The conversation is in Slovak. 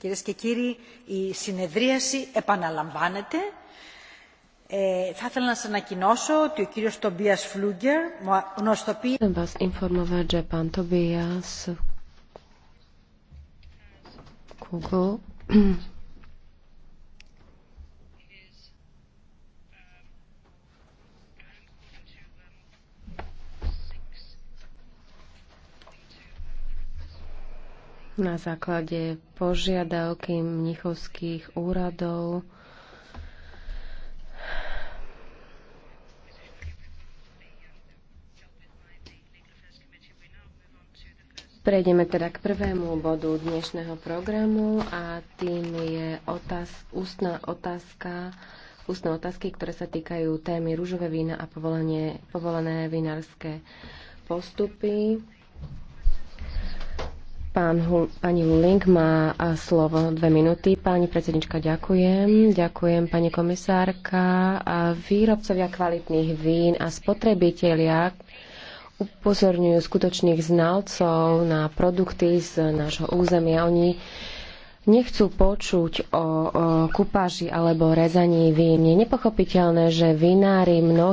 Κυρίες και κύριοι, η συνεδρίαση επαναλαμβάνεται. Ε, θα ήθελα να σας ανακοινώσω ότι ο κύριος Τομπίας Φλούγκερ γνωστοποιεί... Chcem vás informovať, že pán Tobias Google na základe požiadavky mnichovských úradov Prejdeme teda k prvému bodu dnešného programu a tým je otáz, ústna otázka, ústne otázky, ktoré sa týkajú témy rúžové vína a povolené vinárske postupy. Pán Hul, pani Hulink má slovo dve minúty. Pani predsednička, ďakujem. Ďakujem, pani komisárka. A výrobcovia kvalitných vín a spotrebitelia upozorňujú skutočných znalcov na produkty z nášho územia. Oni nechcú počuť o, o kupáži alebo rezaní vín. Je nepochopiteľné, že vinári mnohí